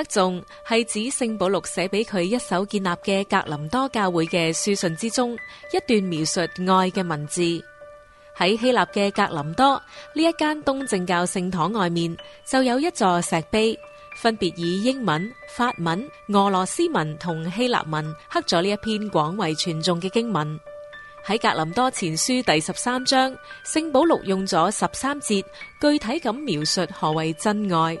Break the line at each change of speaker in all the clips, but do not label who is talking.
得眾係指聖保祿寫俾佢一手建立嘅格林多教會嘅書信之中一段描述愛嘅文字。喺希臘嘅格林多呢一間東正教聖堂外面就有一座石碑，分別以英文、法文、俄羅斯文同希臘文刻咗呢一篇廣為傳頌嘅經文。喺格林多前書第十三章，聖保祿用咗十三節具體咁描述何謂真愛。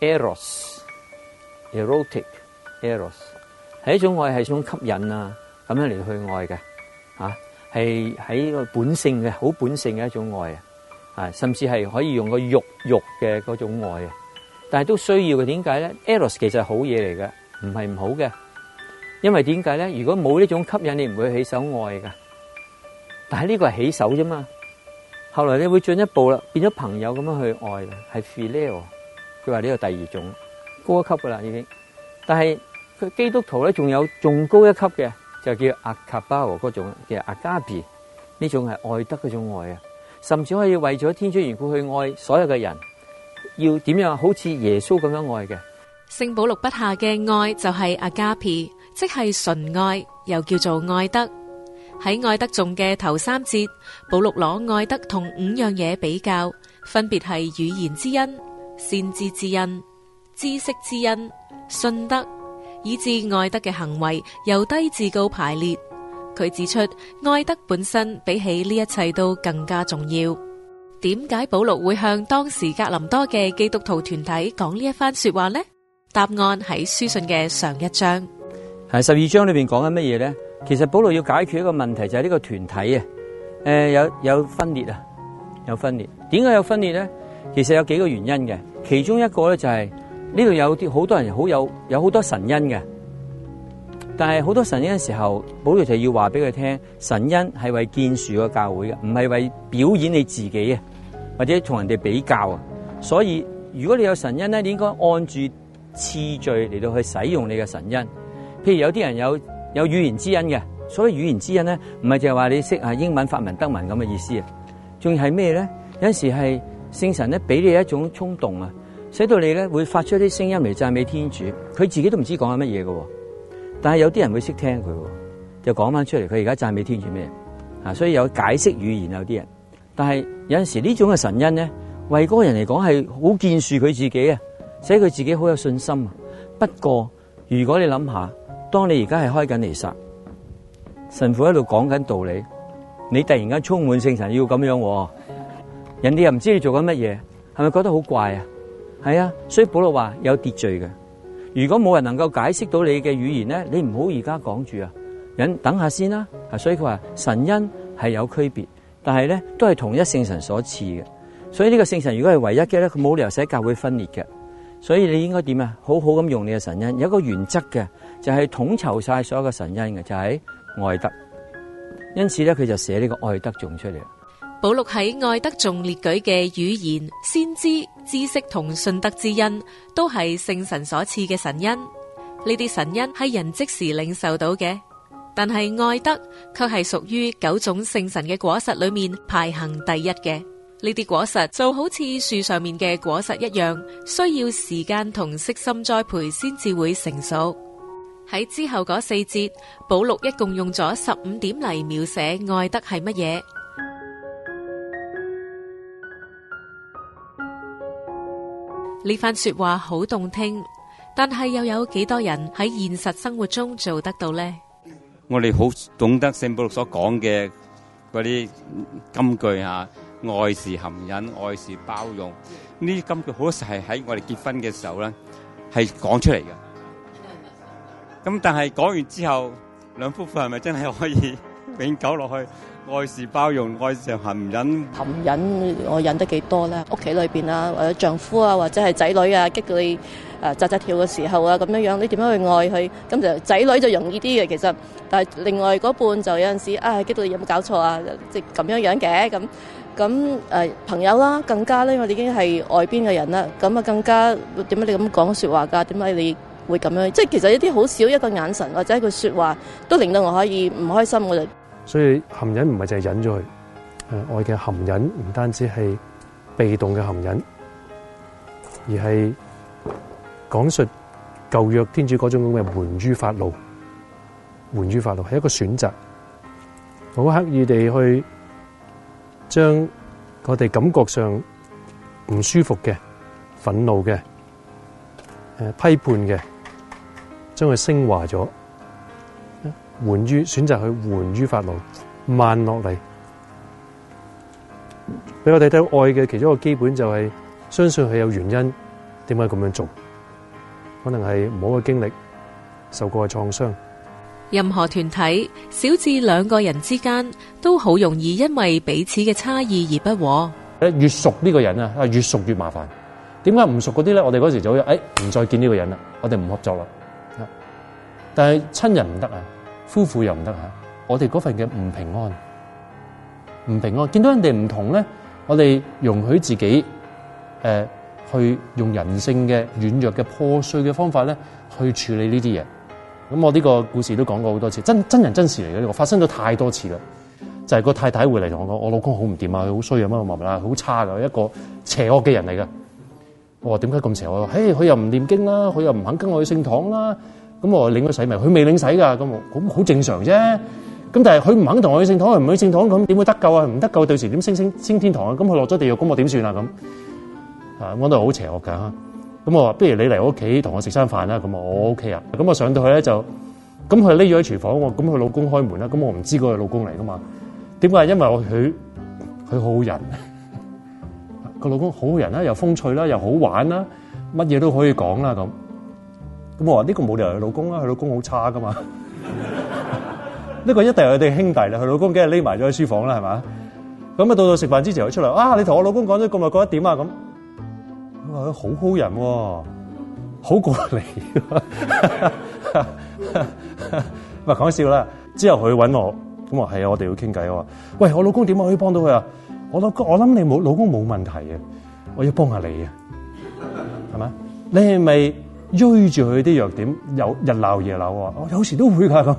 eros，erotic，eros 係一種愛，係一種吸引啊，咁樣嚟去愛嘅，吓係喺個本性嘅，好本性嘅一種愛啊，啊，甚至係可以用個肉肉嘅嗰種愛啊，但係都需要嘅，點解咧？eros 其實係好嘢嚟嘅，唔係唔好嘅，因為點解咧？如果冇呢種吸引，你唔會起手愛噶，但係呢個係起手啫嘛，後來你會進一步啦，變咗朋友咁樣去愛啦，係 filial。佢話呢個第二種高一級噶啦，已經。但係佢基督徒咧，仲有仲高一級嘅，就叫阿卡巴和嗰種叫阿加皮，呢種係愛德嗰種愛啊，甚至可以為咗天主緣故去愛所有嘅人，要點樣好似耶穌咁樣愛嘅。
聖保祿筆下嘅愛就係阿加皮，即係純愛，又叫做愛德。喺愛德仲嘅頭三節，保祿攞愛德同五樣嘢比較，分別係語言之恩、先知之恩、知識之恩、信德，以至愛德嘅行為由低至高排列。佢指出愛德本身比起呢一切都更加重要。點解保羅會向當時格林多嘅基督徒團體講呢一番說話呢？答案喺書信嘅上一章，
係十二章裏邊講緊乜嘢呢？其實保羅要解決一個問題就係、是、呢個團體啊，誒、呃、有有分裂啊，有分裂。點解有分裂呢？其實有幾個原因嘅，其中一個咧就係呢度有啲好多人好有有好多神恩嘅，但係好多神恩嘅時候，保羅就要話俾佢聽，神恩係為建樹個教會嘅，唔係為表演你自己啊，或者同人哋比較啊。所以如果你有神恩咧，你應該按住次序嚟到去使用你嘅神恩。譬如有啲人有有語言之恩嘅，所以語言之恩咧唔係淨係話你識啊英文、法文、德文咁嘅意思啊，仲要係咩咧？有陣時係。聖神咧俾你一種衝動啊，使到你咧會發出一啲聲音嚟讚美天主，佢自己都唔知講係乜嘢嘅，但係有啲人會識聽佢，就講翻出嚟。佢而家讚美天主咩啊？所以有解釋語言有啲人，但係有陣時呢種嘅神恩咧，為嗰個人嚟講係好建樹佢自己啊，使佢自己好有信心。不過如果你諗下，當你而家係開緊彌撒，神父喺度講緊道理，你突然間充滿聖神要咁樣。人哋又唔知你做緊乜嘢，係咪覺得好怪啊？係啊，所以保羅話有秩序嘅。如果冇人能夠解釋到你嘅語言咧，你唔好而家講住啊，忍等下先啦。所以佢話神恩係有區別，但係咧都係同一聖神所賜嘅。所以呢個聖神如果係唯一嘅咧，佢冇理由使教會分裂嘅。所以你應該點啊？好好咁用你嘅神恩，有一個原則嘅，就係、是、統籌晒所有嘅神恩嘅，就係、是、愛德。因此咧，佢就寫呢個愛德種出嚟。
保祿喺愛德仲列舉嘅語言、先知、知識同信德之恩，都係聖神所賜嘅神恩。呢啲神恩係人即時領受到嘅，但係愛德卻係屬於九種聖神嘅果實裏面排行第一嘅。呢啲果實就好似樹上面嘅果實一樣，需要時間同悉心栽培先至會成熟。喺之後嗰四節，保祿一共用咗十五點嚟描寫愛德係乜嘢。呢番說話好動聽，但係又有幾多人喺現實生活中做得到呢？
我哋好懂得聖保禄所講嘅嗰啲金句啊，愛是含忍，愛是包容。呢啲金句好多時係喺我哋結婚嘅時候咧，係講出嚟嘅。咁但係講完之後，兩夫婦係咪真係可以永久落去？愛是包容，愛是含忍。
含忍我忍得幾多咧？屋企裏邊啊，或者丈夫啊，或者係仔女啊，激到你誒扎扎跳嘅時候啊，咁樣樣，你點樣去愛佢？咁就仔女就容易啲嘅，其實。但係另外嗰半就有陣時啊，哎，激到你有冇搞錯啊？即係咁樣樣嘅咁。咁誒朋友啦，更加咧，我已經係外邊嘅人啦。咁啊，更加點解你咁講說話㗎？點解你會咁樣？即係其實一啲好少一個眼神或者一句説話，都令到我可以唔開心，我就。
所以含忍唔係就係忍咗佢。誒，我嘅含忍唔單止係被動嘅含忍，而係講述舊約天主嗰種咁嘅瞞於發怒，瞞於發怒係一個選擇，好刻意地去將我哋感覺上唔舒服嘅、憤怒嘅、誒批判嘅，將佢升華咗。緩于選擇去緩于法律慢落嚟，俾我哋睇到愛嘅其中一個基本就係相信係有原因，點解咁樣做？可能係唔好嘅經歷，受過嘅創傷。
任何團體，小至兩個人之間，都好容易因為彼此嘅差異而不和。誒，
越熟呢個人啊，越熟越麻煩。點解唔熟嗰啲咧？我哋嗰時就話，誒，唔再見呢個人啦，我哋唔合作啦。但係親人唔得啊。夫婦又唔得吓，我哋嗰份嘅唔平安，唔平安。見到人哋唔同咧，我哋容許自己誒、呃，去用人性嘅軟弱嘅破碎嘅方法咧，去處理呢啲嘢。咁、嗯、我呢個故事都講過好多次，真真人真事嚟嘅，我、這個、發生咗太多次啦。就係、是、個太太回嚟同我講， 我老公好唔掂啊，佢好衰啊，乜乜物物啦，好差噶、啊，一個邪惡嘅人嚟噶。我話點解咁邪惡？誒，佢又唔念經啦、啊，佢又唔肯跟我去聖堂啦、啊。咁我領佢洗咪佢未領洗噶咁我咁好正常啫。咁但係佢唔肯同我去聖堂，佢唔去聖堂，咁點會得救啊？唔得救，到時點升升升天堂啊？咁佢落咗地獄，咁我點算啊？咁啊，講到好邪惡噶咁我話，不如你嚟我屋企同我食餐飯啦。咁我 OK 啊。咁我上到去咧，就，咁佢匿咗喺廚房。咁佢老公開門啦。咁我唔知個老公嚟噶嘛？點解？因為我佢佢好人，個 老公好人啦，又風趣啦，又好玩啦，乜嘢都可以講啦咁。咁我話呢個冇理由佢老公啦，佢老公好差㗎嘛。呢 個一定係佢哋兄弟啦，佢老公梗係匿埋咗喺書房啦，係咪？咁啊到到食飯之前佢出嚟啊，你同我老公講咗咁耐，覺得點啊？咁佢話好好人喎，好過你。咁係講笑啦，之後佢搵我，咁話係啊，我哋要傾偈喎。」喂，我老公點解可以幫到佢啊？我諗我諗你冇老公冇問題啊，我要幫一下你啊，係咪？你係咪？追住佢啲弱點，又日鬧夜鬧啊！我有時都會噶咁。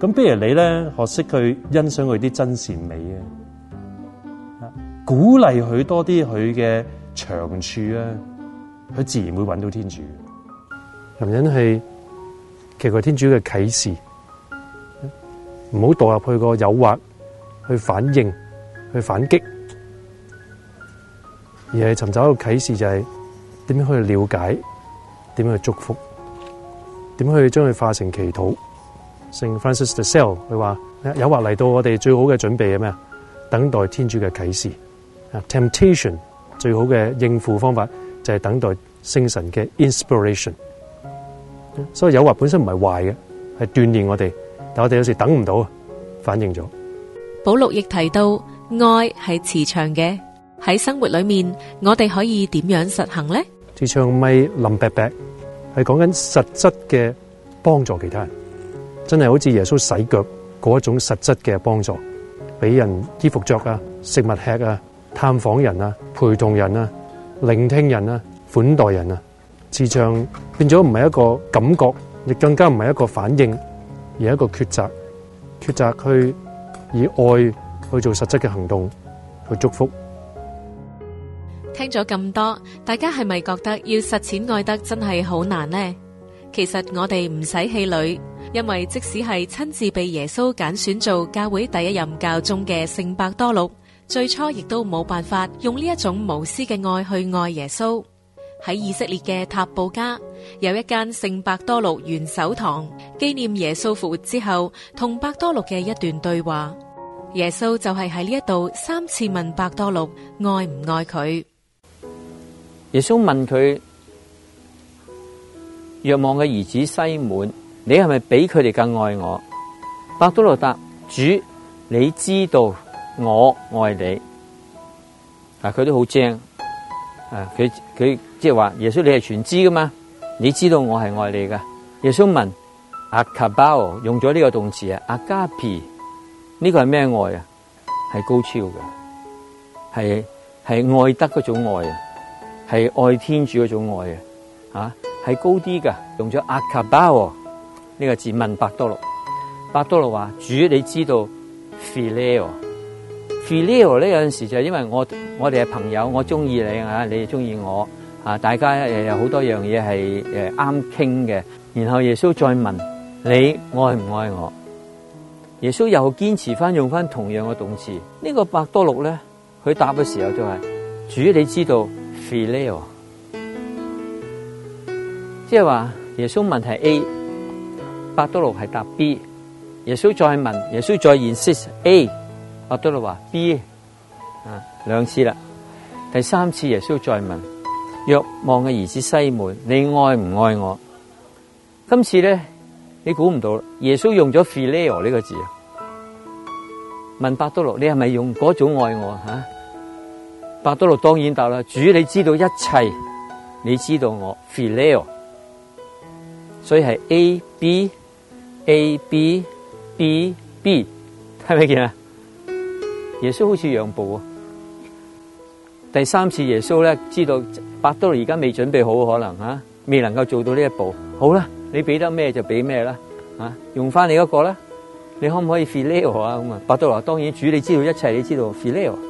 咁，不如你咧學識去欣賞佢啲真善美啊，鼓勵佢多啲佢嘅長處啊，佢自然會揾到天主。男人係其求天主嘅啟示，唔好墮入去個誘惑，去反應，去反擊，而係尋找一個啟示，就係點樣去了解。點樣去祝福？點樣去將佢化成祈禱？聖 Francis de Sales 佢話誘惑嚟到，我哋最好嘅準備係咩啊？等待天主嘅啟示啊！temptation 最好嘅應付方法就係等待聖神嘅 inspiration。所以誘惑本身唔係壞嘅，係鍛煉我哋。但係我哋有時等唔到，反應咗。
保祿亦提到愛係慈祥嘅，喺生活裏面我哋可以點樣實行呢？
持唱咪林伯伯，係講緊實質嘅幫助其他人，真係好似耶穌洗腳嗰一種實質嘅幫助，俾人衣服着啊，食物吃啊，探訪人啊，陪同人啊，聆聽人啊，款待人啊，持唱變咗唔係一個感覺，亦更加唔係一個反應，而係一個抉擇，抉擇去以愛去做實質嘅行動，去祝福。
聽咗咁多，大家係咪覺得要實踐愛德真係好難呢？其實我哋唔使氣餒，因為即使係親自被耶穌揀選做教會第一任教宗嘅聖伯多祿，最初亦都冇辦法用呢一種無私嘅愛去愛耶穌。喺以色列嘅塔布加有一間聖伯多祿元首堂，紀念耶穌復活之後同伯多祿嘅一段對話。耶穌就係喺呢一度三次問伯多祿愛唔愛佢。
耶穌問佢：若望嘅兒子西滿，你係咪比佢哋更愛我？伯多祿答，主，你知道我愛你。嗱、啊，佢都好精，啊，佢佢即係話耶穌，你係全知噶嘛？你知道我係愛你噶。耶穌問阿卡包，用咗呢個動詞啊，阿加皮，呢個係咩愛啊？係高超嘅，係係愛德嗰種愛啊！係愛天主嗰種愛嘅，吓、啊、係高啲嘅，用咗阿卡巴呢個字問百多禄，百多禄話主你知道 phileo，phileo 咧有陣時就係因為我我哋係朋友，我中意你啊，你中意我啊，大家又有好多樣嘢係誒啱傾嘅，然後耶穌再問你愛唔愛我，耶穌又堅持翻用翻同樣嘅動詞，呢個百多禄咧佢答嘅時候就係主你知道。filial 即係話耶穌問題 A，伯多祿係答 B，耶穌再問，耶穌再 insist A，伯多祿話 B，啊兩次啦，第三次耶穌再問，若望嘅兒子西門，你愛唔愛我？今次咧，你估唔到，耶穌用咗 filial 呢個字啊，問伯多祿，你係咪用嗰種愛我？啊伯多祿當然答啦，主你知道一切，你知道我 Phileo，所以係 a b a b b b，睇咪見啊？耶穌好似讓步啊，第三次耶穌咧知道伯多祿而家未準備好可能、啊、未能夠做到呢一步，好啦，你俾得咩就俾咩啦，用翻你嗰個啦，你可唔可以 Phileo 啊？咁啊，伯多祿當然，主你知道一切，你知道 Phileo。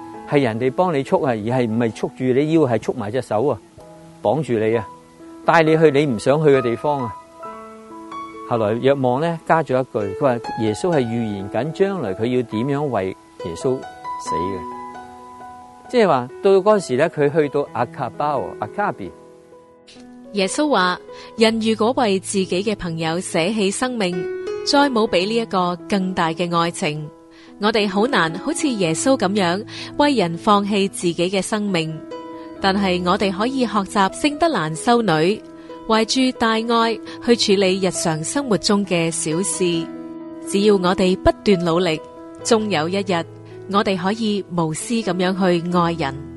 係人哋幫你束啊，而係唔係束住你腰，係束埋隻手啊，綁住你啊，帶你去你唔想去嘅地方啊。後來若望咧加咗一句，佢話耶穌係預言緊將來佢要點樣為耶穌死嘅，即係話到嗰時咧，佢去到阿卡巴阿卡比，
耶穌話：人如果為自己嘅朋友捨棄生命，再冇比呢一個更大嘅愛情。我哋好難好似耶穌咁樣為人放棄自己嘅生命，但係我哋可以學習聖德蘭修女，懷住大愛去處理日常生活中嘅小事。只要我哋不斷努力，終有一日，我哋可以無私咁樣去愛人。